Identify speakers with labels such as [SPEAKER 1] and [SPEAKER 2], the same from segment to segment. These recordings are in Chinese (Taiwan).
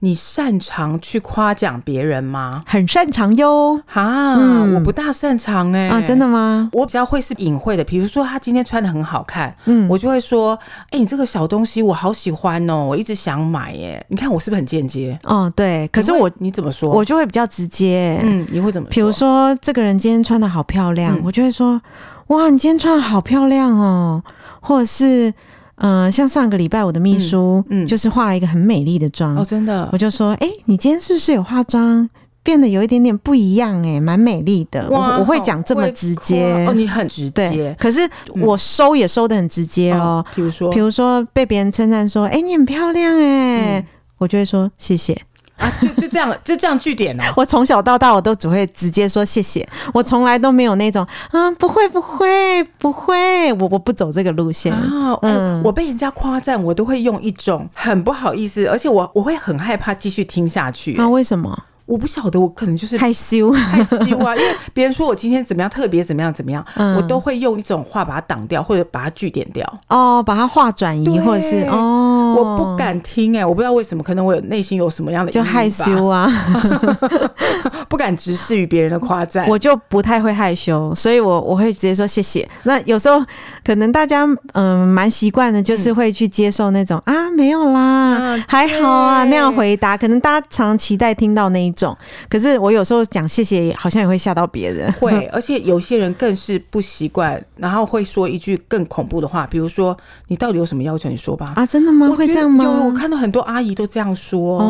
[SPEAKER 1] 你擅長去誇獎別人嗎？很擅長喲！哈，嗯、我不大擅長哎、欸。啊，真的嗎？我比較會是隱晦的，比如說他今天穿的很好看，嗯，我就會說，哎、欸，你這個小東西我好喜歡哦，我一直想買耶。你看我是不是很間接？
[SPEAKER 2] 哦、嗯，對。可
[SPEAKER 1] 是我你,你怎麼說？我就
[SPEAKER 2] 會比較直接。嗯，你會怎麼說？比如說這個人今天穿的好漂亮，嗯、我就會說，哇，你今天穿的好漂亮哦，或者是。嗯、呃，像上個禮拜我的秘書，嗯，就是化了一個很美麗的妝哦，真的、嗯，嗯、我就說，哎、欸，你今天是不是有化妝，變得有一點點不一樣哎、欸，蠻美麗的，哇我我會講這麼直接哦，你很直接，對，可是我收也收得很直接、
[SPEAKER 1] 喔嗯、哦，比如說，比如
[SPEAKER 2] 說被別人稱讚說，哎、欸，你很漂亮誒、欸嗯、我就會說謝
[SPEAKER 1] 謝。 啊，就就這樣，就這樣句點哦。
[SPEAKER 2] 我從小到大，我都只會直接說謝謝，我從來都沒有那種啊、嗯，不會，不會，不會，我我不走這個路線、啊、嗯，
[SPEAKER 1] 我被人家誇讚，我都會用一種很不好意思，而且我我會很害怕繼續聽下去啊？為什麼？我不曉得，我可能就
[SPEAKER 2] 是害太羞，害
[SPEAKER 1] 羞啊。因為別人說我今天怎麼樣，特別怎麼樣怎麼樣，麼樣嗯、我都會用一種話把它擋掉，或者把它句點掉
[SPEAKER 2] 哦，把它話轉移，對或者是哦。
[SPEAKER 1] 我不敢聽哎、欸，我不知道為什麼，可能我內心有什麼樣的就害羞啊， 不敢直視於別人的誇讚。我就
[SPEAKER 2] 不太會害羞，所以我我會直接說謝謝。那有時候可能大家嗯蠻習慣的，就是會去接受那種、嗯、啊沒有啦、啊、還好啊那樣回答。可能大家常期待聽到那一種，可是我有時候講謝謝，好像也會嚇到別人。會 ，
[SPEAKER 1] 而且有些人更是不習慣，然後會說一句更恐怖的話，比如說你到底有什麼要求？你說吧？啊，真的嗎？會這樣嗎？有，我看到很多阿姨都這樣說，哦、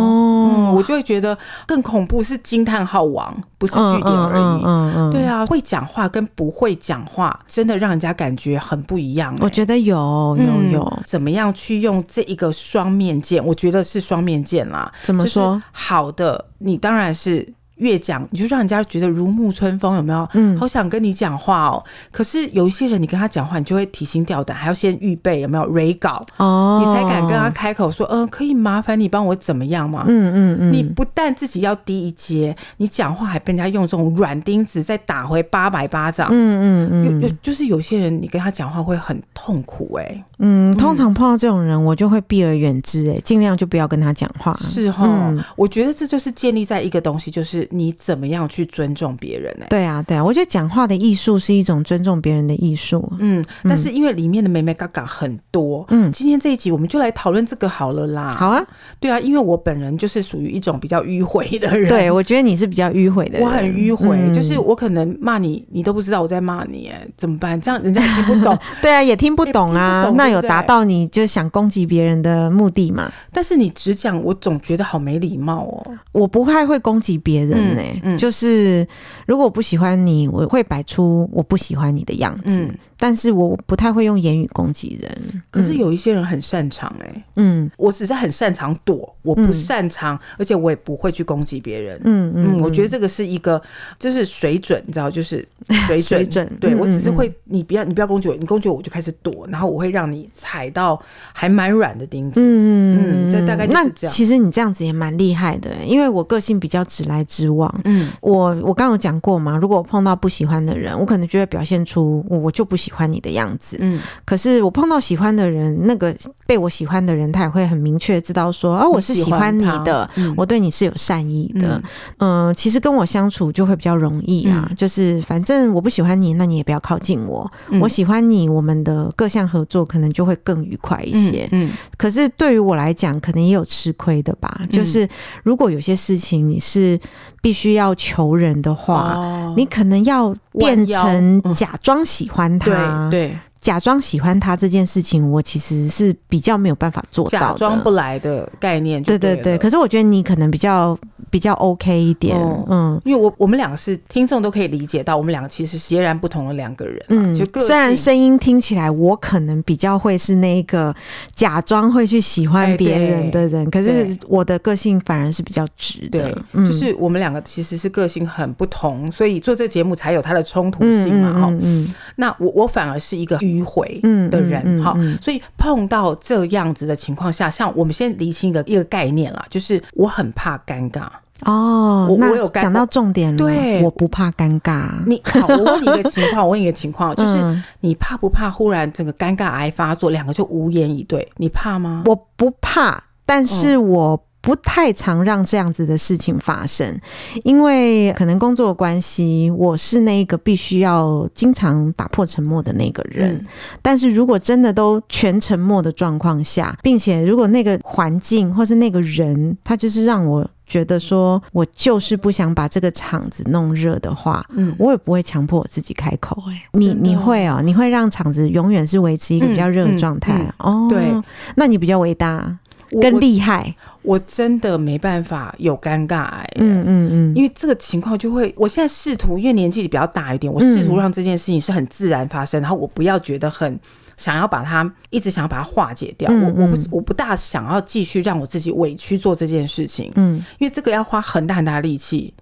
[SPEAKER 1] 嗯，我就會覺得更恐怖是驚嘆號王，不是句點而已。嗯嗯嗯嗯、對啊，會講話跟不會講話，真的讓人家感覺很不一樣、欸。我覺得有有有、嗯，怎麼樣去用這一個雙面劍？我覺得是雙面劍啦。怎麼說？好的，你當然是。越講你就讓人家覺得如沐春風，有沒有？嗯，好想跟你講話哦。嗯、可是有一些人，你跟他講話，你就會提心吊膽，還要先預備有沒有稿哦，你才敢跟他開口說，嗯、呃，可以麻煩你幫我怎麼樣嗎？嗯嗯嗯，嗯嗯你不但自己要低一階，你講話還被人家用這種軟釘子再打回八百巴掌。嗯
[SPEAKER 2] 嗯嗯，
[SPEAKER 1] 就是有些人，你跟他講話會很痛苦哎、欸。
[SPEAKER 2] 嗯，通常碰到這種人，我就會避而遠之，哎，盡量就不要跟他講話。是哦，
[SPEAKER 1] 我覺得這就是建立在一個東西，就是你怎麼樣去尊重別人。哎，
[SPEAKER 2] 對啊，對啊，我覺得講話的藝術是一種尊重別人的藝術。嗯，
[SPEAKER 1] 但是因為裡面的眉眉角角很多，嗯，今天這一集我們就來討論這個好了啦。好啊，對啊，因為我本人就是屬於一種比較迂迴的人。對，我覺得你是比較迂迴的人。我很迂迴，就是我可能罵你，你都不知道我在罵你，哎，怎麼辦？這樣人家聽不懂。
[SPEAKER 2] 對啊，也聽不懂啊。有達到你就想攻擊別人的目的嘛？
[SPEAKER 1] 但是你只講，我總覺得好沒
[SPEAKER 2] 禮貌哦、喔。我不太會攻擊別人呢、欸，嗯嗯、就是如果我不喜歡你，我會擺出我不喜歡你的樣子。嗯、但是我不太會用言語攻擊人。
[SPEAKER 1] 嗯、可是有一些人很擅長哎、欸。嗯，我只是很擅長躲，我不擅長，嗯、而且我也不會去攻擊別人。嗯嗯，嗯，我覺得這個是一個就是水準，你知道，就是水準。 水準。對，我只是會，嗯嗯，你不要，你不要攻擊我，你攻擊我，我就開始躲，然後我會讓你。踩到還蠻軟的釘子，嗯嗯嗯，這、嗯、大概這、嗯、那其實
[SPEAKER 2] 你這樣子也蠻厲害的，因為我個性比較直來直往，嗯，我我剛有講過嘛，如果我碰到不喜歡的人，我可能就會表現出我就不喜歡你的樣子，嗯，可是我碰到喜歡的人，那個被我喜歡的人，他也會很明確知道說哦、啊，我是喜歡你的，嗯、我對你是有善意的，嗯，嗯、呃，其實跟我相處就會比較容易啊，嗯、就是反正我不喜歡你，那你也不要靠近我，嗯、我喜歡你，我們的各項合作可能。就會更愉快一些。嗯，嗯，可是對於我來講，可能也有吃虧的吧。嗯、就是如果有些事情你是必須要求人的話，哦、你可能要變成假裝喜歡他。對，嗯、假裝喜歡他這件事情，我其實是比較沒有辦法做到的，假裝不
[SPEAKER 1] 來的概念對。對對對。可是我覺得你可
[SPEAKER 2] 能比較。比較 OK 一點，
[SPEAKER 1] 哦、嗯，因為我我們兩個是聽眾都可以理解到，我們兩個其實截然不同的兩個人、啊，嗯，就雖然
[SPEAKER 2] 聲音聽起來我可能比較會是那個假裝會去喜歡別人的人，欸、可是我的個性反而是比較直的，對嗯、就是
[SPEAKER 1] 我們兩個其實是個性很不同，所以做這節目才有它的衝突性嘛、啊嗯，嗯嗯，哦、嗯那我我反而是一個迂迴的人哈、嗯嗯嗯哦，所以碰到這樣子的情況下，像我們先釐清一個一個概念啦、啊，就是我很怕尷尬。
[SPEAKER 2] 哦，我我有講到重點了。我對，我不怕尷尬。你好，我問你個情
[SPEAKER 1] 況， 我問你個情況，就是你怕不怕忽然整個尷尬癌發作，兩個就無言以對？你怕嗎？我不怕，但是我不太常
[SPEAKER 2] 讓這樣子的事情發生，嗯、因為可能工作關係，我是那個必須要經常打破沉默的那個人。嗯、但是如果真的都全沉默的狀況下，並且如果那個環境或是那個人，他就是讓我。覺得說我就是不想把這個場子弄熱的話，嗯，我也不會強迫我自己開口。嗯、你、哦、你會哦、喔，你會讓場子永遠是維持一個比較熱的狀態、嗯嗯嗯、哦。對，那你比較偉大，更厲我害。
[SPEAKER 1] 我。我真的沒辦法有尷尬、欸嗯，嗯嗯嗯，因為這個情況就會，我現在試圖，因為年紀比較大一點，我試圖讓這件事情是很自然發生，嗯、然後我不要覺得很。想要把它，一直想要把它化解掉。我我不我不大想要繼續讓我自己委屈做這件事情。嗯，因為這個要花很大很大的力氣。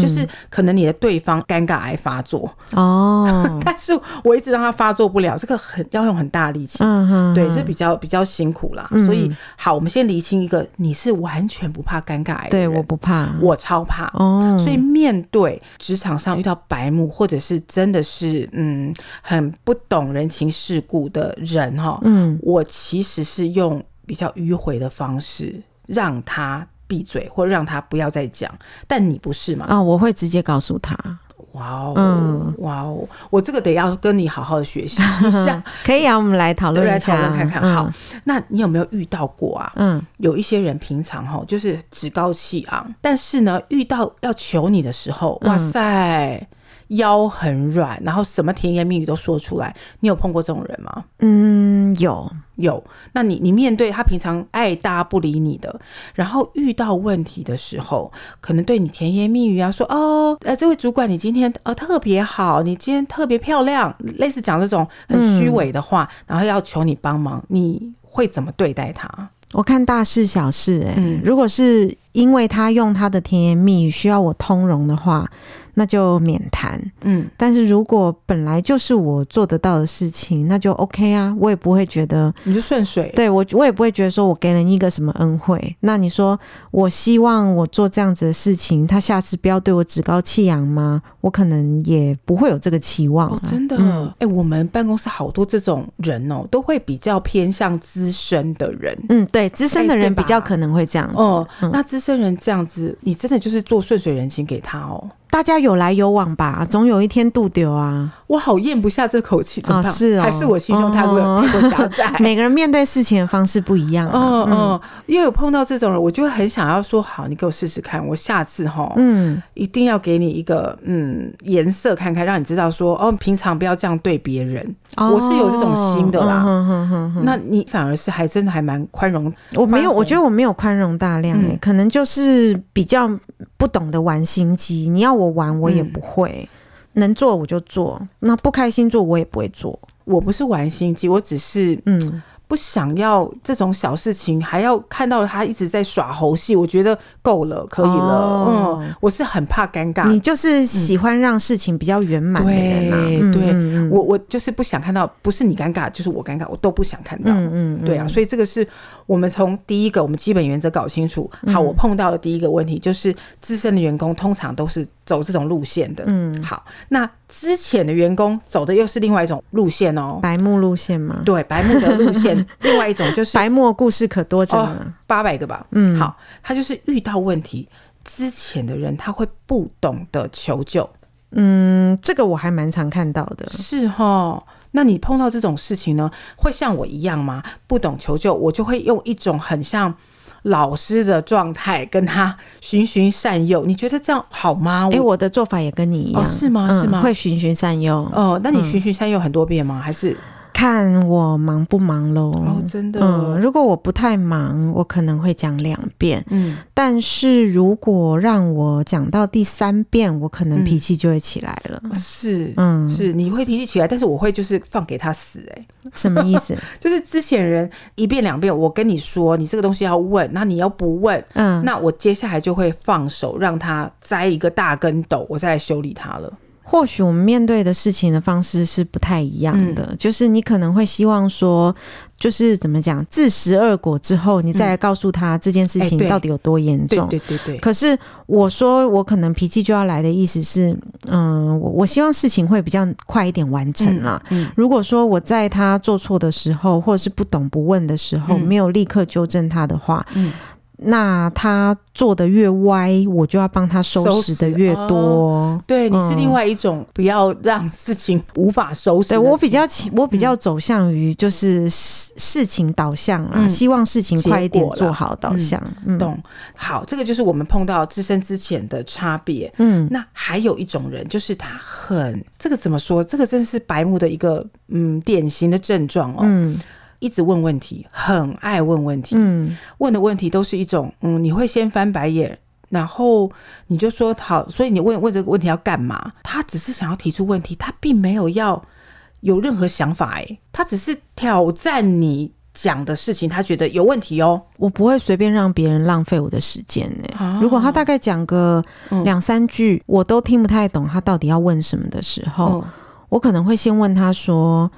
[SPEAKER 1] 就是可能你的對方尷尬癌發作哦，嗯、但是我一直讓他發作不了，這個很，要用很大力氣，嗯、哼哼對，是比較比較辛苦啦。嗯、所以好，我們先理清一個，你是完全不怕尷尬癌的？對，我不怕，我超怕。哦、嗯，所以面對職場上遇到白目，或者是真的是嗯很不懂人情世故的人哈，嗯，我其實是用比較迂迴的方式讓他。閉嘴，或讓他不要再講。但你不是嘛？啊、哦，我會直接告訴他。哇哦 Wow,、嗯，哇哦，我這個得要跟你好好的學習一下。
[SPEAKER 2] 可以啊，我們來討論一下，討論看看。嗯、好，
[SPEAKER 1] 那你有沒有遇到過啊？嗯，有一些人平常哈，就是趾高氣昂，但是呢，遇到要求你的時候，哇塞。嗯腰很軟，然後什麼甜言蜜語都說出來。你有碰過這種人嗎？嗯，
[SPEAKER 2] 有
[SPEAKER 1] 有。那你你面對他平常愛搭不理你的，然後遇到問題的時候，可能對你甜言蜜語啊，說哦，哎、呃，這位主管你今天啊、呃、特別好，你今天特別漂亮，類似講這種很虛偽的話，嗯、然後要求你幫忙，你會怎麼對待他？
[SPEAKER 2] 我看大事小事哎、欸，嗯、如果是。因為他用他的甜言蜜語需要我通融的話，那就免談。嗯，但是如果本來就是我做得到的事情，那就 OK 啊，我也不會覺得你就順水。對我，我也不會覺得說我給人一個什麼恩惠。那你說我希望我做這樣子的事情，他下次不要對我趾高氣揚嗎？我可能也不會
[SPEAKER 1] 有這個期望啊。哦，真的，哎，嗯，欸，我們辦公室好多這種人哦，都會比較偏向資深的人。嗯，欸，對，資深的人比較可能會這樣子。哦，那資生人這樣子，你真的就是做順水人情給他哦。
[SPEAKER 2] 大家有來有往吧，總有一天度
[SPEAKER 1] 丟啊！我好咽不下這口氣，啊、哦、是、哦，啊。還是我心胸太窄，太過狹窄。每個人面對事情的方式不一樣、啊、哦哦嗯。哦，因為我碰到這種人，我就會很想要說，好，你給我試試看，我下次哈，嗯，一定要給你一個嗯顏色看看，讓你知道說，哦，平常不要這樣對別人。哦、我是有這種心的啦，嗯嗯嗯嗯、那你反而是還真的還蠻寬容。容，我沒有，我覺得我沒有寬容大量、欸，哎、嗯，可能就是
[SPEAKER 2] 比較不懂得玩心機。你要我。我玩我也不會，能做我
[SPEAKER 1] 就做。那不開心做我也不會做。我不是玩心機，我只是嗯，不想要這種小事情還要看到他一直在耍猴戲。我覺得夠了，可以了。嗯，我是很怕尷尬。你就是喜歡讓事情比較圓滿的人啊。對，我，我就是不想看到，不是你尷尬，就是我尷尬，我都不想看到。嗯嗯。對啊，所以這個是我們從第一個我們基本原則搞清楚。好，我碰到的第一個問題就是，資深的員工通常都是。走這種路線的，嗯，好，那之前的員工走的又是另外一種路線哦，白目路線嗎？對，白目的路線， 另外一種就是白目的故事可多着八百個吧，嗯，好，他就是遇到問題，之前的人，他會不懂得求救，嗯，這個我還蠻常看到的，是哦，那你碰到這種事情呢，會像我一樣嗎？不懂求救，我就會用一種很像。老師的狀態跟他循循善誘，你覺得這樣好嗎？哎、欸，我的做法也跟你一樣，是嗎、哦？是嗎？嗯、是嗎會循循善誘哦、呃，那你循循善誘很多遍嗎？嗯、還是？
[SPEAKER 2] 看我忙不忙嘍。哦，真的。嗯，如果我不太忙，我可能會講兩遍。嗯，但是如果讓我講到第三遍，我可能脾氣就會起來了。嗯嗯、
[SPEAKER 1] 是，嗯，是，你會脾氣起來，但是我會就是放給他死、欸。哎，什麼意思？ 就是之前人一遍兩遍，我跟你說，你這個東西要問，那你要不問，嗯，那我接下來就會放手讓他栽一個大跟斗，我再來修理他了。
[SPEAKER 2] 或許我們面對的事情的方式是不太一樣的，嗯、就是你可能會希望說，就是怎麼講，自食惡果之後，你再來告訴他這件事情到底有多嚴重。對對對對。可是我說我可能脾氣就要來的意思是，嗯，我我希望事情會比較快一點完成啦。嗯嗯、如果說我在他做錯的時候，或者是不懂不問的時候，沒有立刻糾正他的話，嗯。嗯那他做的越歪，我就要幫他收拾的越多。哦。對，你是另外
[SPEAKER 1] 一種，不要，嗯、讓事情無法收拾。對，我比較，我比較走向於就是事
[SPEAKER 2] 情導向啊，嗯、希望事情快一點做好導向。懂。
[SPEAKER 1] 好，這個就是我們碰到自身之前的差別。嗯，那還有一種人，就是他很這個怎麼說？這個真是白目的一個嗯典型的症狀哦。嗯。一直問問題，很愛問問題，嗯，問的問題都是一種，嗯，你會先翻白眼，然後你就說好，所以你問問這個問題要幹嘛？他只是想要提出問題，他並沒有要有任何想法，欸，他只是挑戰你講的事情，他覺得有問題哦，
[SPEAKER 2] 我不會隨便讓別人浪費我的時間，欸，啊，如果他大概講個兩三句，嗯，我都聽不太懂他到底要問什麼的時候，嗯，我可能會先問他說。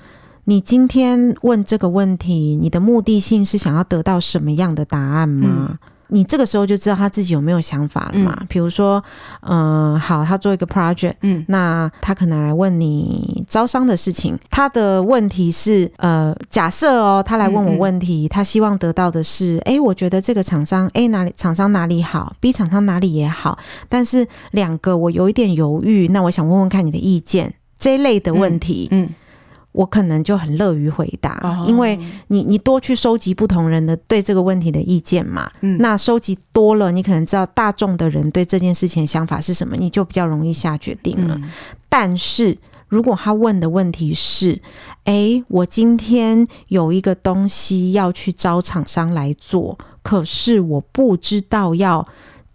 [SPEAKER 2] 你今天問這個問題，你的目的性是想要得到什麼樣的答案嗎？嗯、你這個時候就知道他自己有沒有想法了嘛？比、嗯、如說，嗯、呃，好，他做一個 project，嗯，那他可能來問你招商的事情。他的問題是，呃，假設哦，他來問我問題，嗯嗯、他希望得到的是，誒，我覺得這個廠商，A 哪裡廠商哪裡好，B 廠商哪裡也好，但是兩個我有一點猶豫，那我想問問看你的意見，這類的問題，嗯。嗯我可能就很樂於回答，哦、因為你你多去收集不同人的對這個問題的意見嘛，嗯、那收集多了，你可能知道大眾的人對這件事情的想法是什麼，你就比較容易下決定了。嗯、但是如果他問的問題是，哎、欸，我今天有一個東西要去找廠商來做，可是我不知道要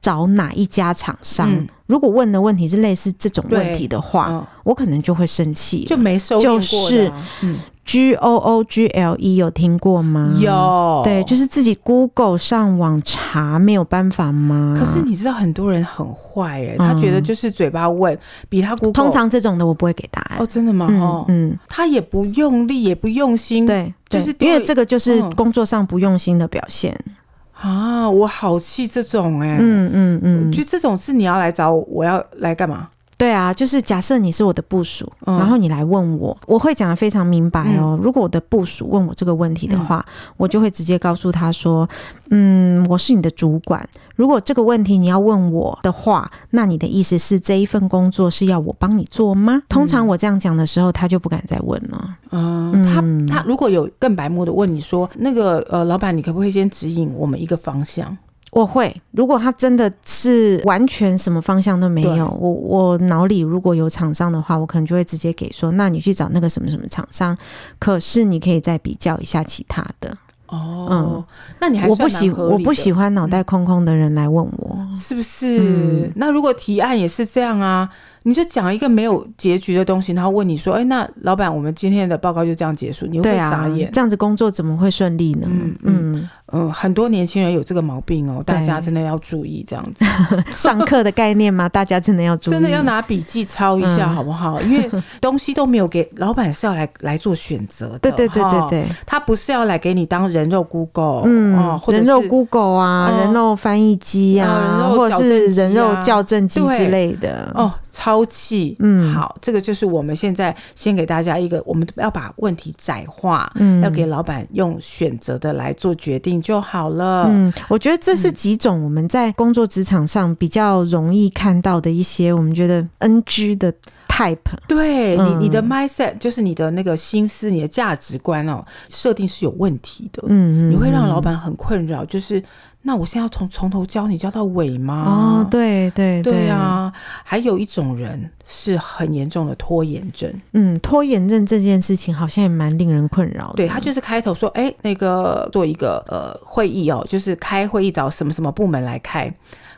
[SPEAKER 2] 找哪一家廠商。嗯如果問的問題是類似這種問題的話，哦、我可能就會生氣。就沒收、啊、就是，G O O G L E 有聽過
[SPEAKER 1] 嗎？有，對，就是自
[SPEAKER 2] 己 Google 上網查，沒有辦法嗎？可是你知
[SPEAKER 1] 道很多人很壞哎、欸，他覺得就是嘴巴問、嗯、比他 Google。通常這種的我不會給答案。哦，真的嗎？哦、嗯，嗯，他也不用力，也不用心，對，對就是因為這個就
[SPEAKER 2] 是工作上不用心的表現。嗯
[SPEAKER 1] 啊，我好氣這種誒、欸嗯，嗯嗯嗯，就這種事你要來找我，我要來幹嘛？
[SPEAKER 2] 對啊，就是假設你是我的部屬，哦、然後你來問我，我會講得非常明白哦。嗯、如果我的部屬問我這個問題的話，哦、我就會直接告訴他說，嗯，我是你的主管。如果這個問題你要問我的話，那你的意思是這一份工作是要我幫你做嗎？嗯、通常我這樣講的時候，他就不敢再問了。
[SPEAKER 1] 啊、嗯，他他如果有更白目的問你說，那個呃，老闆，你可不可以先指引我們一個方向？
[SPEAKER 2] 我會，如果他真的是完全什麼方向都沒有，對我我腦裡如果有廠商的話，我可能就會直接給說，那你去找那個什麼什麼廠商。可是你可以再比較一下其他的。哦，嗯、那你還我不喜我不喜歡腦袋空空的人來問我，
[SPEAKER 1] 是不是？嗯、那如果提案也是這樣啊？你就講一個沒有結局的東西，然後問你說：“哎，那老闆，我們今天的報告就這樣結束？”你會不會傻眼？這樣
[SPEAKER 2] 子工作怎麼會順利呢？嗯
[SPEAKER 1] 嗯，很多年輕人有這個毛病哦，大家真的要注意這樣子
[SPEAKER 2] 上課的概念嘛？大家真的要注意，真的要拿
[SPEAKER 1] 筆記抄一下好不好？因為東西都沒有給老闆，是要來來做選擇的。對對對對對，他不是要來給你當人肉 Google，嗯，人肉
[SPEAKER 2] Google 啊，人肉翻譯機啊，或者是人肉校正機之類的哦。
[SPEAKER 1] 拋棄，嗯，好，嗯、這個就是我們現在先給大家一個，我們要把問題窄化，嗯，要給老闆用選擇的來做決定就好了。嗯，
[SPEAKER 2] 我覺得這是幾種我們在工作職場上比較容易看到的一些，嗯、我們覺得 NG 的 type 對。對你，你的
[SPEAKER 1] mindset、嗯、就是你的那個心思、你的價值觀哦，設定是有問題的。嗯哼哼，你會讓老闆很困擾，就是。那我現在要從從頭教你教到尾嗎？哦，對
[SPEAKER 2] 對對,對啊！
[SPEAKER 1] 還有一種人是很嚴重的拖延症。
[SPEAKER 2] 嗯，拖延症這件事情好像也蠻令人困擾的。對，他就
[SPEAKER 1] 是開頭說，哎、欸，那個做一個呃會議哦，就是開會議找什麼什麼部門來開。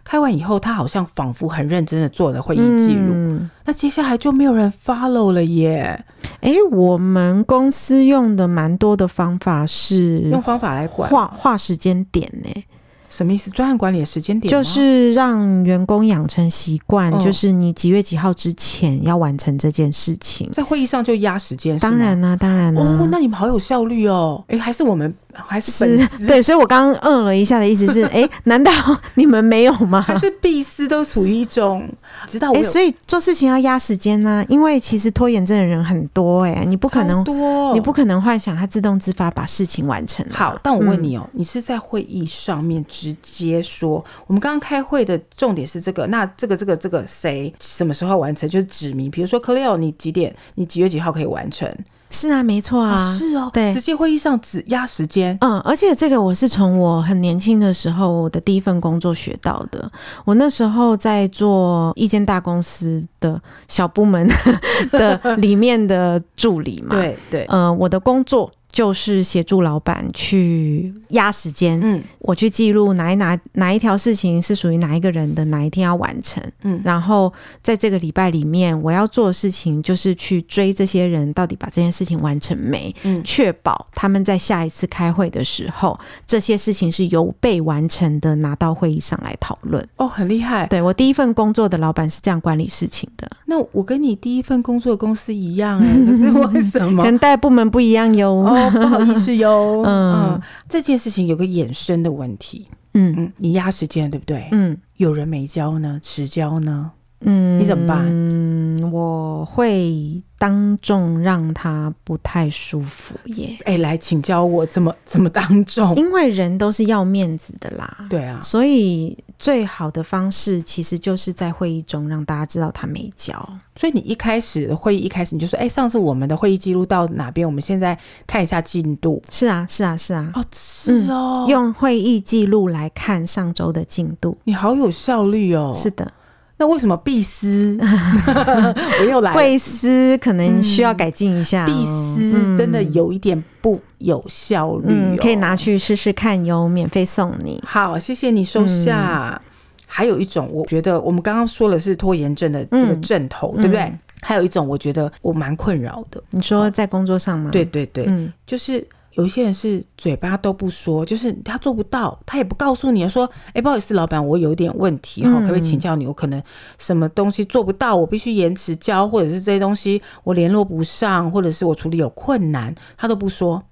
[SPEAKER 1] 開完以後，他好像仿佛很認真的做了會議記錄。嗯、那接下來就沒有人 follow
[SPEAKER 2] 了耶。哎、欸，我們公司用的蠻多的方法是用方
[SPEAKER 1] 法來管，畫畫時間點呢、欸。什麼意思？專案管理的時間點就是讓
[SPEAKER 2] 員工養成習慣，哦、就是你幾月幾號之前要完成這件事
[SPEAKER 1] 情，在會議上就壓時間。當然啦、啊，是嗎？當然啦、啊，哦，那你們好有效率哦！誒、欸，還是我們。還是，是對，所以
[SPEAKER 2] 我剛剛嗯了一下的意思是，哎、 欸，難道你們沒有嗎？還是
[SPEAKER 1] 必須都處於一種，是知道我、欸。所以
[SPEAKER 2] 做事情要壓時間呢、啊，因為其實拖延症的人很多哎、欸，你不可能多，你不可能幻想，他自動自發把事情完成。
[SPEAKER 1] 好，但我問你哦、喔，嗯、你是在會議上面直接說，我們剛剛開會的重點是這個，那這個這個這個誰什麼時候完成，就是指明，比如說 Clear 你幾點，你幾月幾號可以完成？
[SPEAKER 2] 是啊，沒錯啊，啊，是哦，對，直
[SPEAKER 1] 接會議上只壓時間，
[SPEAKER 2] 嗯，而且這個我是從我很年輕的時候我的第一份工作學到的，我那時候在做一間大公司的小部門 的裡面的助理嘛，對 對，對呃，我的工作。就是協助老板去壓時間，嗯，我去記錄哪一哪哪一條事情是屬於哪一個人的，哪一天要完成，嗯，然後在這個禮拜裡面我要做的事情就是去追這些人到底把這件事情完成沒，嗯，確保他們在下一次開會的時候，這些事情是有被完成的，拿到會議上來討論。哦，很厲害。對，我第一份工作的老板是這樣管理事情的。
[SPEAKER 1] 那我跟你第一份工作公司一樣，欸、可是為什麼？ 跟
[SPEAKER 2] 代部門不一樣喲。Oh 不好意思喲， 嗯、
[SPEAKER 1] 啊，這件事情有個衍生的問題，嗯，嗯，你壓時間對不對？嗯，有人沒交呢？遲交呢？嗯，你怎麼辦？嗯，我
[SPEAKER 2] 會。當眾讓他不太舒服耶！哎、欸，
[SPEAKER 1] 來請教我怎麼
[SPEAKER 2] 怎麼當眾？因為人都是要面子的啦。對啊，所以最好的方
[SPEAKER 1] 式其實就是在會議中讓大家知道他沒交。所以你一開始會議一開始你就說：“哎、欸，上次我們的會議記錄到哪邊？我們現在看一下進度。”是啊，是啊，是啊。哦，是哦。嗯、用會議記錄來看上週的進度。你好有效
[SPEAKER 2] 率哦。是的。
[SPEAKER 1] 那為什麼必撕？ 我又來，貴
[SPEAKER 2] 司可能需要改進一下，嗯、必撕真的有一點不有效率，哦嗯，可以
[SPEAKER 1] 拿去試試看喲，哦，免費送你。好，謝謝你，收下。嗯、還有一種，我覺得我們剛剛說的是拖延症的這個症頭，嗯、對不對？嗯、還有一種，我覺得我蠻困擾的。
[SPEAKER 2] 你說在工作上嗎？對對
[SPEAKER 1] 對，嗯、就是。有一些人是嘴巴都不說，就是他做不到，他也不告訴你說，哎、欸，不好意思，老闆，我有一點問題哈，嗯、可不可以請教你？我可能什麼東西做不到，我必須延遲交，或者是這些東西我聯絡不上，或者是我處理有困難，他都不說，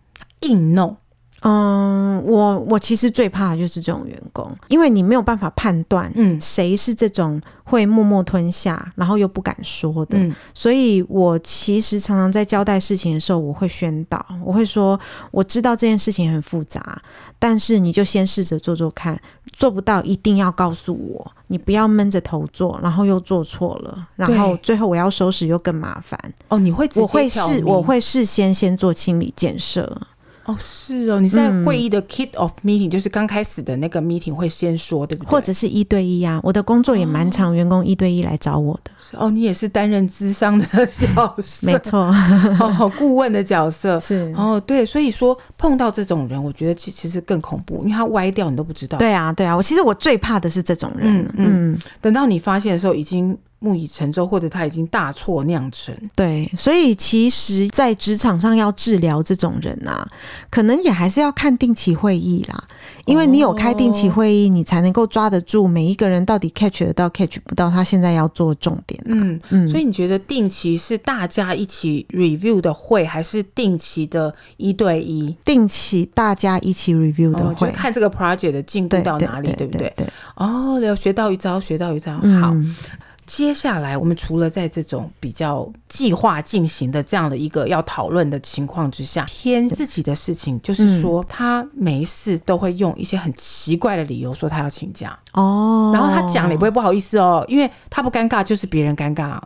[SPEAKER 1] 硬弄。
[SPEAKER 2] 嗯，我我其實最怕的就是這種員工，因為你沒有辦法判斷，嗯，誰是這種會默默吞下，嗯、然後又不敢說的。嗯、所以我其實常常在交代事情的時候，我會宣導，我會說，我知道這件事情很複雜，但是你就先試着做做看，做不到一定要告訴我，你不要悶着頭做，然後又做錯了，然後最後我要收拾又更麻煩。哦。
[SPEAKER 1] 對，你會我會事我會
[SPEAKER 2] 事先先做心理建設。
[SPEAKER 1] 哦，是哦，你在會議的 kick off meeting，嗯、就是剛開始的那個 meeting 會先說，對不對？或
[SPEAKER 2] 者是一對一？啊，我的
[SPEAKER 1] 工作也蠻常，哦、員工一對一來找我的。哦，你也是擔任諮商的角色，呵呵沒錯、哦，好顧問的角色 是。哦，對，所以說碰到這種人，我覺得其其實更恐怖，因為他歪掉你都不知道。對啊，
[SPEAKER 2] 對啊，我其實我最怕的是這種人。嗯，嗯，
[SPEAKER 1] 嗯，等到你發現的時候，已經。木已成舟，或者他已經大錯釀成。
[SPEAKER 2] 對，所以其實，在職場上要治療這種人啊，可能也還是要看定期會議啦。因為你有開定期會議，哦、你才能夠抓得住每一個人到底 catch 得到 catch 不到他現在要做重點、啊。
[SPEAKER 1] 嗯嗯。嗯，所以你覺得定期是大家一起 review 的會，還是定期的一對一？定期大家一起 review 的會，得、哦就是、看這個 project 的進度到哪裡，對不對？哦，要學到一招，學到一招好。嗯接下來，我們除了在這種比較計劃進行的這樣的一個要討論的情況之下，偏自己的事情，就是說、嗯、他每一次都會用一些很奇怪的理由說他要請假哦，然後他講，你不會不好意思哦，因為他不尷尬，就是別人尷尬。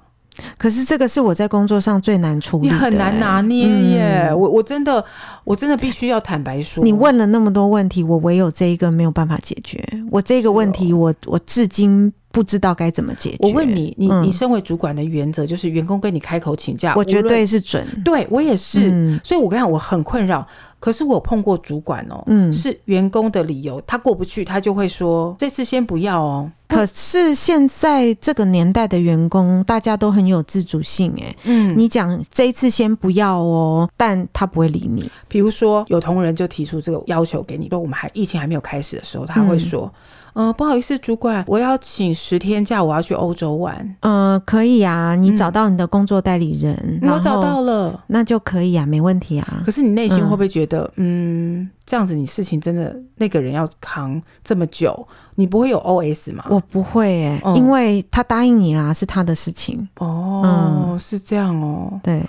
[SPEAKER 2] 可是這個是我在工作上最難處
[SPEAKER 1] 理的，你很難拿捏耶。我、嗯、我真的我真的必須要坦白說，你
[SPEAKER 2] 問了那麼多問題，我唯有這一個沒有辦法解決。我這個問題我，我、哦、我至今。
[SPEAKER 1] 不知道該怎麼解決。我問你，你、嗯、你身為主管的原則就是員工跟你開口請假，我絕對無論是准。對我也是，嗯、所以我跟你講，我很困擾。可是我碰過主管哦、喔，嗯，是員工的理由他過不去，他就會說這次先不要哦、喔。可
[SPEAKER 2] 是現在這個年代的員工大家都很有自主性哎、欸，嗯，你講這一次先
[SPEAKER 1] 不要哦、喔，但他不會理你。比如說有同仁就提出這個要求給你，說我們還疫情還沒有開始的時候，他會說。嗯呃、嗯，不好意思，主管，我要請十天假，我要去歐洲玩。
[SPEAKER 2] 呃、嗯，可以啊，你找到你的工作代理人，嗯、然後，我找到了，那就可以啊，沒問題啊。可是你內心會
[SPEAKER 1] 不會覺得，嗯，嗯，這樣子你事情真的那個人要扛這麼久，你不會有 OS 嗎？
[SPEAKER 2] 我不會誒，嗯、因為他答應你啦，是他的事情。哦，嗯、
[SPEAKER 1] 是這樣哦，對。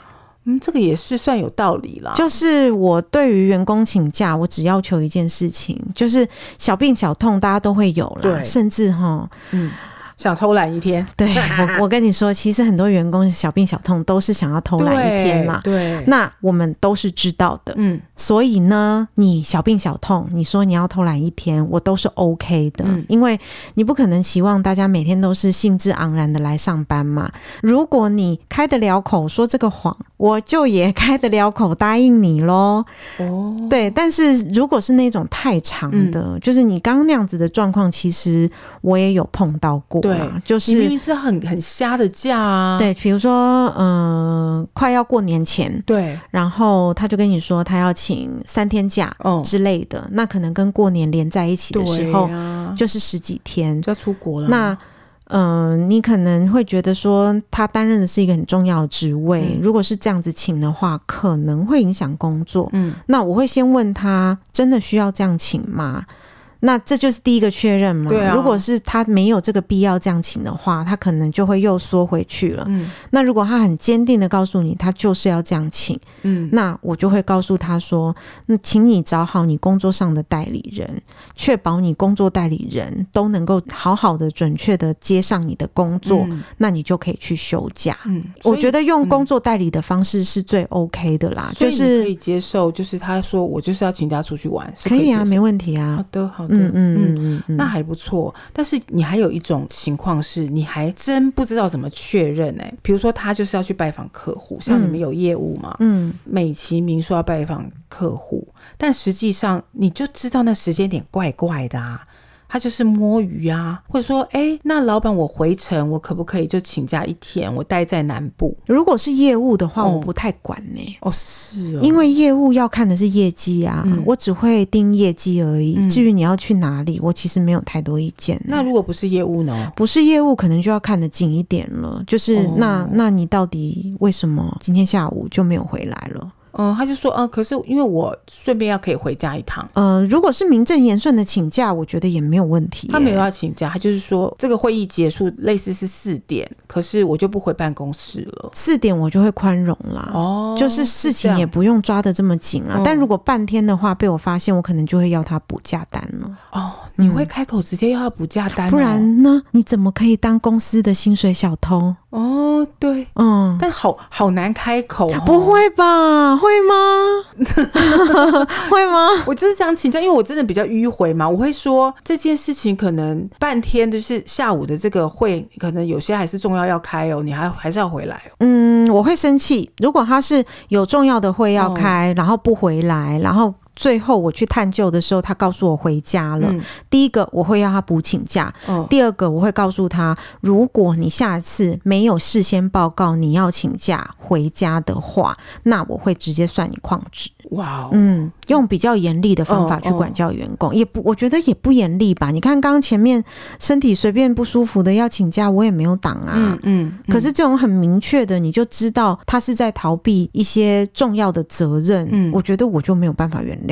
[SPEAKER 1] 嗯，這個也是算有道理啦。就
[SPEAKER 2] 是我對於員工請假，我只要求一件事情，就是小病小痛大家都會有了，對甚至哈，嗯，
[SPEAKER 1] 想偷懶一天。
[SPEAKER 2] 對，我我跟你說，其實很多員工小病小痛都是想要偷懶一天嘛。對，對那我們都是知道的，嗯。所以呢，你小病小痛，你說你要偷懶一天，我都是 OK 的，嗯，因為你不可能希望大家每天都是興致盎然的來上班嘛。如果你開得了口說這個謊。我就也開得了口答應你嘍。哦，oh. 對，但是如果是那種太長的，嗯、就是你剛剛那樣子的狀況，其實我也有碰到
[SPEAKER 1] 過。對，就是你明明是很很瞎的假啊。對，
[SPEAKER 2] 比如說，嗯、呃，快要過年前，對，然後他就跟你說他要請三天假之類的，oh. 那可能跟過年連在一起的時候，啊、就是十幾天就要出國了。那嗯、呃，你可能會覺得說他擔任的是一個很重要的職位，嗯、如果是這樣子請的話，可能會影響工作。嗯，那我會先問他，真的需要這樣請嗎？那這就是第一個確認嘛。對啊，如果是他沒有這個必要這樣請的話，他可能就會又縮回去了。嗯。那如果他很堅定的告訴你，他就是要這樣請，嗯，那我就會告訴他說：“那請你找好你工作上的代理人，確保你工作代理人都能夠好好的、準確的接上你的工作，嗯、那你就可以去休假。”嗯，我覺得用工作代理的方式是最 OK 的啦。嗯、就是
[SPEAKER 1] 所以可以接受，就是他說我就是要請假出去玩，是可以接受？可以啊，沒
[SPEAKER 2] 問題啊。好的，好的。嗯嗯嗯嗯，
[SPEAKER 1] 嗯嗯，那還不錯。但是你還有一種情況是，你還真不知道怎麼確認誒、欸，比如說，他就是要去拜訪客戶，嗯、像你們有業務嘛？嗯，美其名說要拜訪客戶，但實際上你就知道那時間點怪怪的啊。他就是摸魚啊，或者說，哎、欸，那老闆，我回城，我可不可以就請假一天，我待在南部？如果是業務的話，嗯、我不太管呢、
[SPEAKER 2] 欸。哦，是、啊，哦，因為業務要看的是業績啊，嗯、我只會盯業績而已。嗯、至於你要去哪裡，我其實沒有太多意見、
[SPEAKER 1] 欸。那如果不是業務呢？不
[SPEAKER 2] 是業務，可能就要看得緊一點了。就是那，哦、那你到底為什麼今天下午就沒有回來了？
[SPEAKER 1] 嗯，他就說，嗯，可是因為我順便要可以回家一趟，嗯、呃，
[SPEAKER 2] 如果是名正言順的請假，我覺得也沒有問題、欸。
[SPEAKER 1] 他沒有要請假，他就是說這個會議結束，類似是四點，可是我就不回辦公室了。
[SPEAKER 2] 四點我就會寬容啦，哦，就是事情也不用抓得這麼緊啊。嗯、但如果半天的話被我發現，我可能就會要他補假單了。
[SPEAKER 1] 哦，嗯、你會開口直接要他補假單、哦？不然呢？你怎
[SPEAKER 2] 麼可以當公司的薪水小偷？
[SPEAKER 1] 哦，對，嗯，但好好難開口、哦，不會吧？會嗎？ 會嗎？我就是想請教，因為我真的比較迂回嘛。我會說，這件事情可能半天，就是下午的這個會，可能有些還是重要要開哦，你還還是要回來
[SPEAKER 2] 哦。嗯，我會生氣。如果他是有重要的會要開哦，然後不回來，然後。最後我去探究的時候，他告訴我回家了。嗯、第一個我會要他補請假，哦、第二個我會告訴他，如果你下次沒有事先報告你要請假回家的話，那我會直接算你曠職。
[SPEAKER 1] 哇、哦，嗯，
[SPEAKER 2] 用比較嚴厲的方法去管教員工，哦哦也不，我覺得也不嚴厲吧？你看剛剛前面身體隨便不舒服的要請假，我也沒有擋啊嗯。嗯，嗯，可是這種很明確的，你就知道他是在逃避一些重要的責任。嗯，我覺得我就沒有辦法原諒。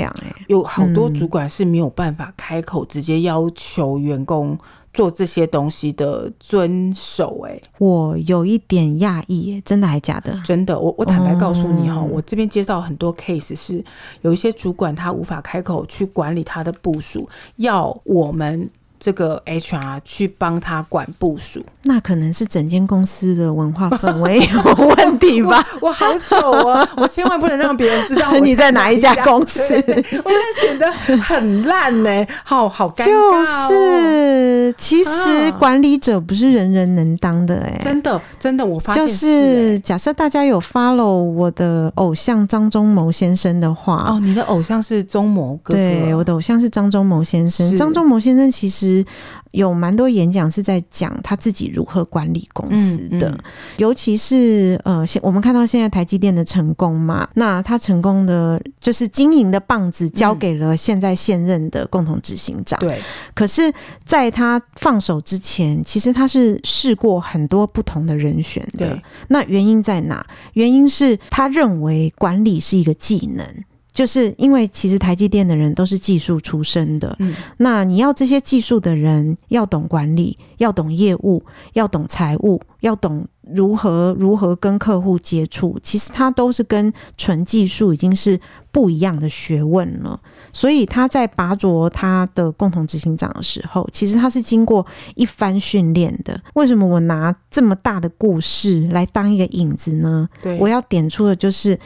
[SPEAKER 1] 有好多主管是沒有辦法開口直接要求員工做這些東西的遵守，誒，我有一點訝異，真的還是假的？真的，我我坦白告訴你哈，我這邊接到很多 case 是有一些主管他無法開口去管理他的部屬，要我們。這個 HR 去幫他管部署，
[SPEAKER 2] 那可能是整間公司的文化氛圍有問題吧？ 我，我，我好
[SPEAKER 1] 醜啊、哦！ 我千萬不能讓別人知道在你在哪一家公司。對對對，
[SPEAKER 2] 我在選的很爛呢、欸，好好尷尬、哦。就是，其實管理者不是人人能當的、欸，哎，真
[SPEAKER 1] 的，真的，我發現、欸。就是
[SPEAKER 2] 假設大家有 follow 我的偶像張忠謀先生的話哦，
[SPEAKER 1] 你的偶像是忠謀哥，哥，對，我
[SPEAKER 2] 的偶像是張忠謀先生。張是忠謀先生其實。其實有蠻多演講是在講他自己如何管理公司的，嗯嗯、尤其是呃，我們看到現在台積電的成功嘛，那他成功的就是經營的棒子交給了現在現任的共同執行長，嗯、對。可是，在他放手之前，其實他是試過很多不同的人選的。對。那原因在哪？原因是他認為管理是一個技能。就是因為其實台積電的人都是技術出身的，嗯、那你要這些技術的人要懂管理，要懂業務，要懂財務，要懂如何如何跟客戶接觸，其實他都是跟純技術已經是不一樣的學問了。所以他在拔擢他的共同執行長的時候，其實他是經過一番訓練的。為什麼我拿這麼大的故事來當一個引子呢？對我要點出的就是。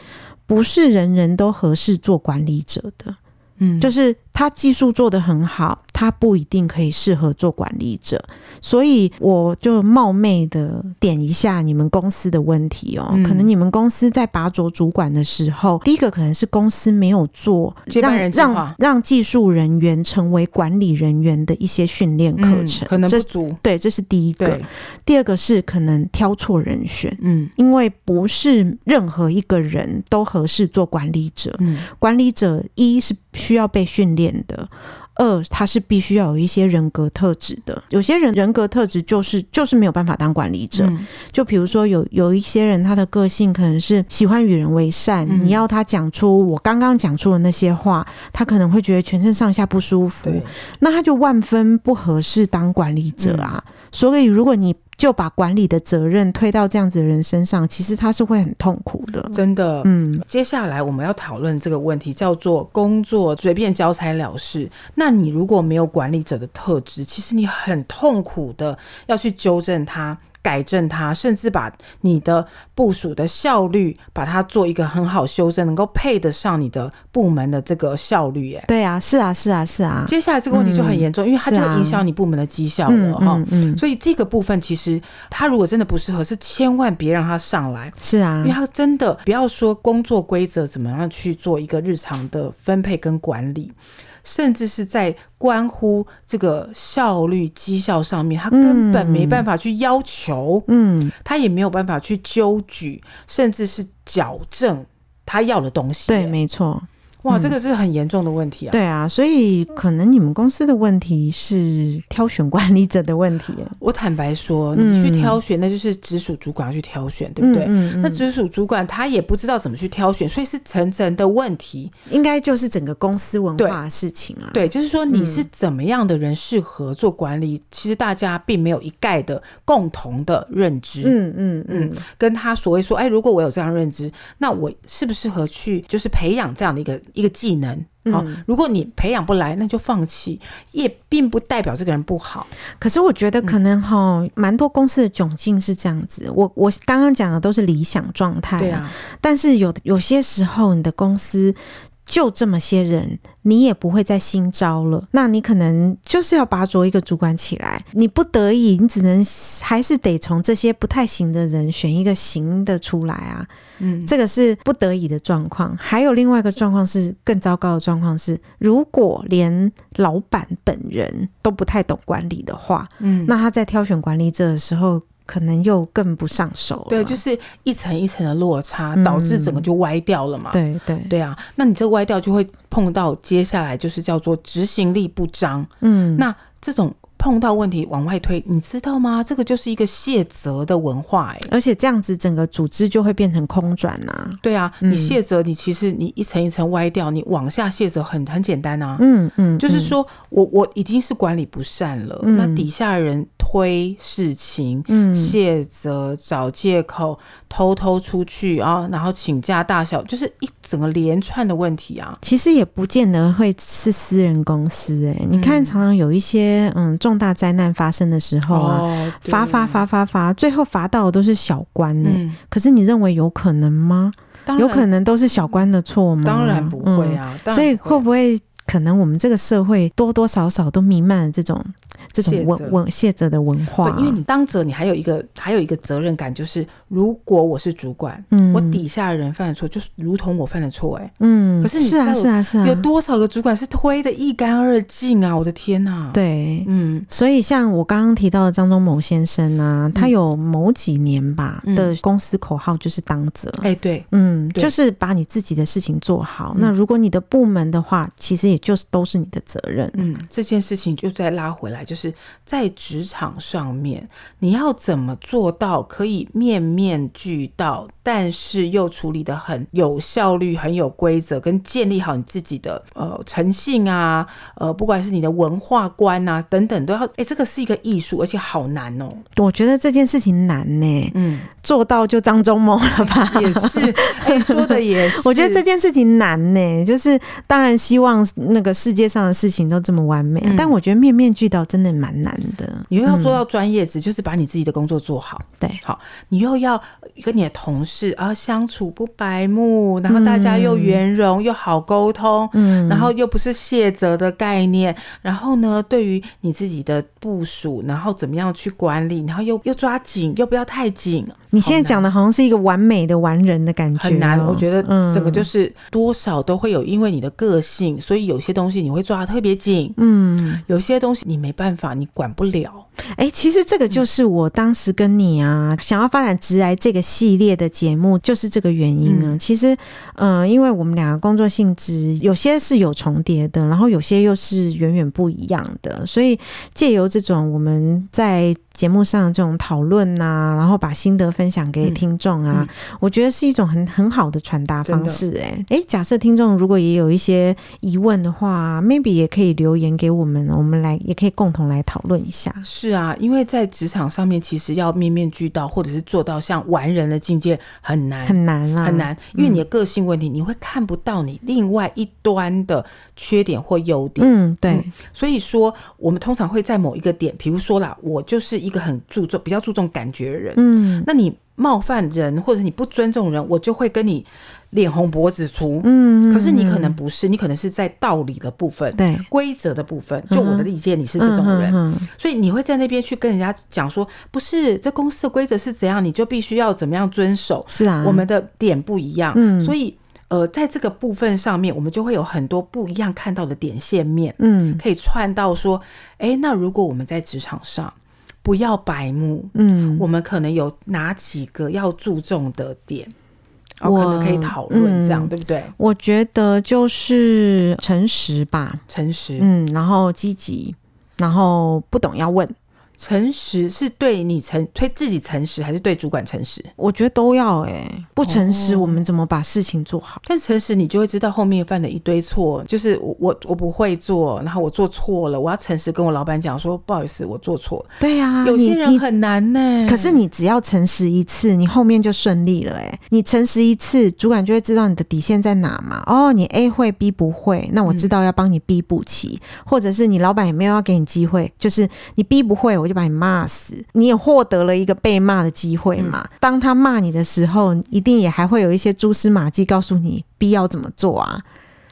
[SPEAKER 2] 不是人人都合適做管理者的，嗯，就是。他技術做得很好，他不一定可以適合做管理者，所以我就冒昧的點一下你們公司的問題哦。嗯、可能你們公司在拔擢主,主管的時候，第一個可能是公司沒有做讓讓讓技術人員成為管理人員的一些訓練課程，嗯、可能不足，對，這是第一個。對第二個是可能挑錯人選，嗯，因為不是任何一個人都合適做管理者。嗯，管理者一是需要被訓練。的二，他是必須要有一些人格特質的。有些人人格特質就是就是沒有辦法當管理者。嗯、就比如說有有一些人，他的個性可能是喜歡與人為善，嗯、你要他講出我剛剛講出的那些話，他可能會覺得全身上下不舒服，對那他就萬分不合適當管理者啊。嗯、所以如果你就把管理的責任推到這樣子的人身上，其實他是會很痛苦的，
[SPEAKER 1] 真的。嗯，接下來我們要討論這個問題，叫做工作隨便交差了事。那你如果沒有管理者的特質，其實你很痛苦的要去糾正他。改正它，甚至把你的部屬，的效率，把它做一個很好修正，能夠配得上你的部門的這個效率耶。
[SPEAKER 2] 對啊，是啊，是啊，是啊。嗯、接下來這個問題就很嚴重，嗯、因為它就影響你
[SPEAKER 1] 部門的績效了哈。嗯、啊、所以這個部分其實，他如果真的不適合，是千萬別讓他上來。是啊，因為他真的不要說工作規則怎麼樣去做一個日常的分配跟管理。甚至是在關乎這個效率、績效上面，他根本沒辦法去要求，嗯，嗯，他也沒有辦法去糾舉，甚至是矯正他要的東西。對，沒錯。哇，這個是很嚴重的問題啊，嗯！對啊，
[SPEAKER 2] 所以可能你們公司的問題是挑選管理者的問題啊。
[SPEAKER 1] 我坦白說，你去挑選，嗯，那就是直屬主管要去挑選，對不對？嗯嗯嗯，那直屬主管他也不知道怎麼去挑選，所以是層層的問題，應該就是整個公司文化事情啊。對，就是說你是怎麼樣的人適合做管理，嗯，其實大家並沒有一概的共同的認知。嗯嗯嗯，嗯嗯跟他所謂說，哎，欸，如果我有這樣認知，那我適不適合去就是培養這樣的一個。一個技能，好、哦，嗯、如果你培養不來，那就放棄，也並不代表這個人不好。可是我覺得可能
[SPEAKER 2] 蠻、嗯、多公司的窘境是這樣子。我我剛剛講的都是理想狀態，啊，對啊，但是有有些時候你的公司。就這麼些人，你也不會再新招了。那你可能就是要拔擢一個主管起來，你不得已，你只能還是得從這些不太行的人選一個行的出來啊。嗯，這個是不得已的狀況。還有另外一個狀況是更糟糕的狀況是，如果連老板本人都不太懂管理的話，嗯，那他在挑選管理者的時候。可能又更不上手，
[SPEAKER 1] 對，就是一層一層的落差，嗯、導致整個就歪掉了嘛。對對對，對啊，那你這歪掉就會碰到接下來就是叫做執行力不彰。嗯，那這種。碰到問題往外推，你知道嗎？這個就是一個卸責的文化哎、欸，而且這樣子整個組織就會變成空轉吶、啊。對啊，嗯、你卸責，你其實你一層一層歪掉，你往下卸責很很簡單啊。嗯嗯，嗯嗯就是說我我已經是管理不善了，嗯、那底下的人推事情，嗯、卸責找借口，偷偷出去啊，然後請假大小，就是一整個連串的問題啊。
[SPEAKER 2] 其實也不見得會是私人公司哎、欸，嗯、你看常常有一些嗯中。重大災難發生的時候啊，罰罰罰罰罰，最後罰到的都是小官呢、欸。嗯、可是你認為有可能嗎？當然，有可能都是小官的錯嗎？當然不會啊。會。嗯，所以會不會？可能我們這個社會多多少少都瀰漫這種這種文文卸責的文化，因為你
[SPEAKER 1] 當責，你還有一個還有一個責任感，就是如果我是主管，我底下人犯的錯，就是如同我犯的錯。哎，嗯，可是是啊是啊是啊，有多少個主管是推得一乾二淨啊？我的天吶！對，嗯，
[SPEAKER 2] 所以像我剛剛提到的張忠謀先生啊，他有某幾年吧的公司口號就是當責，哎，對，嗯，就是把你自己的事情做好。那如果你的部門的話，其實也就是都是你的責任。嗯，
[SPEAKER 1] 這件事情就再拉回來，就是在職場上面，你要怎麼做到可以面面俱到，但是又處理得很有效率、很有規則，跟建立好你自己的呃誠信啊，呃，不管是你的文化觀啊等等，都要哎、欸，這個是一個藝術，而且好難哦。
[SPEAKER 2] 我覺得這件事情難呢、欸。嗯，做到就張忠謀了吧？也是，欸、 說的也，我覺得這件事情難呢、欸，就是當然希望。那個世界上的事情都這麼完美，嗯、但我覺得面面俱到真的蠻難的。你又要做
[SPEAKER 1] 到專業，只、嗯、就是把你自己的工作做好。對，好，你又要跟你的同事啊、呃、相處不白目，然後大家又圓融又好溝通，嗯，然後又不是卸責的概念。嗯、然後呢，對於你自己的部屬，然後怎麼樣去管理，然後又又抓緊又不要太緊。你現
[SPEAKER 2] 在講的很難、好像是一個完美的完人的感覺，很難。我覺得這個就是
[SPEAKER 1] 多少都會有，因為你的個性，所以有。有些東西你會抓得特別緊，嗯，有些東西你沒辦法，你管不了。哎、欸，其實這個就是
[SPEAKER 2] 我當時跟你啊，嗯、想要發展職涯這個系列的節目，就是這個原因啊。嗯、其實，嗯、呃，因為我們兩個工作性質有些是有重疊的，然後有些又是遠遠不一樣的，所以借由這種我們在。節目上的這種討論吶、啊，然後把心得分享給聽眾啊，嗯嗯、我覺得是一種很很好的傳達方式。哎哎的，假設聽眾如果也有一些疑問的話，maybe 也可以留言給我們，我們來也可以共同來討論一下。是
[SPEAKER 1] 啊，因為在職場上面，其實要面面俱到，或者是做到像完人的境界很難很難、啦、很難，因為你的個性問題，嗯、你會看不到你另外一端的缺點或優點。嗯，對。嗯、所以說，我們通常會在某一個點，比如說啦，我就是一。一個很注重，比較注重感覺的人，嗯，那你冒犯人或者你不尊重人，我就會跟你臉紅脖子粗，嗯，可是你可能不是，嗯、你可能是在道理的部分，對規則的部分。就我的理解，你是這種人，嗯嗯嗯嗯、所以你會在那邊去跟人家講說，不是這公司的規則是怎樣，你就必須要怎麼樣遵守。是啊，我們的點不一樣，嗯，所以呃，在這個部分上面，我們就會有很多不一樣看到的點線面，嗯，可以串到說，哎、欸，那如果我們在職場上。不要白目。嗯，我們可能有哪幾個要注重的點？
[SPEAKER 2] 我、哦，可能可以討論這樣，嗯、對不對？我覺得就是誠實吧，誠實。
[SPEAKER 1] 嗯，然後積極，然後不懂要問。誠實是對你誠推自己誠實，還是對主管誠實？我覺得都要哎、欸。不誠實，我們怎麼把事情做好？哦哦，但是誠實，你就會知道後面犯了一堆錯，就是我我不會做，然後我做錯了，我要誠實跟我老闆講說，不好意思，我做錯了。
[SPEAKER 2] 對呀、啊，有些人很難呢、欸。可是你只要誠實一次，你後面就順利了哎、欸。你誠實一次，主管就會知道你的底線在哪嘛。哦、oh，你 A 會 B 不會，那我知道要幫你 B 補齊，嗯、或者是你老闆也沒有要給你機會，就是你 B 不會我。就把你罵死，你也獲得了一個被罵的機會嘛。嗯、當他罵你的時候，一定也還會有一些蛛絲
[SPEAKER 1] 馬跡告訴你
[SPEAKER 2] 必要怎麼做啊。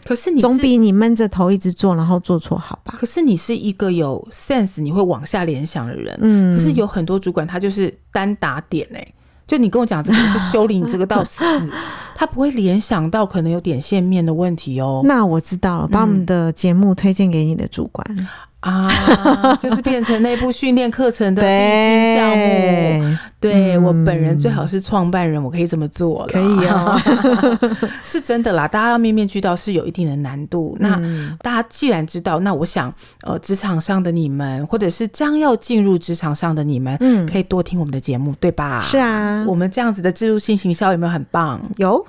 [SPEAKER 1] 可是你總比你悶着頭一直做，
[SPEAKER 2] 然後做錯好吧？
[SPEAKER 1] 可是你是一個有 sense，你會往下聯想的人。嗯，可是有很多主管他就是單打點呢、欸。就你跟我講這個、啊、是修理你這個到死，不是他不會聯想到可能有點線面的問題哦、喔。那
[SPEAKER 2] 我知道了，把我們的節目推薦給
[SPEAKER 1] 你的主管。嗯 啊，就是變成內部訓練課程的第一項目。對，對、嗯、我本人最好是創辦人，我可以這麼做，可以啊、哦， 是真的啦。大家要面面俱到是有一定的難度。嗯、那大家既然知道，那我想，呃，職場上的你們，或者是將要進入職場上的你們，嗯，可以多聽我們的節目，對吧？是啊，我們這樣子的置入性行銷有沒有很棒？有，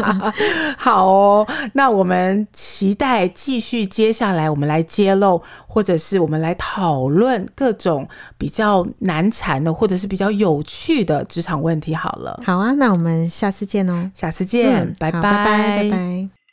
[SPEAKER 1] 好哦。 那我們期待繼續，接下來我們來揭露。或者是我們來討論各種比較難纏的，或者是比較有趣的職場問題，好了。好啊，那我們下次見哦，下次見，拜拜，嗯，拜拜。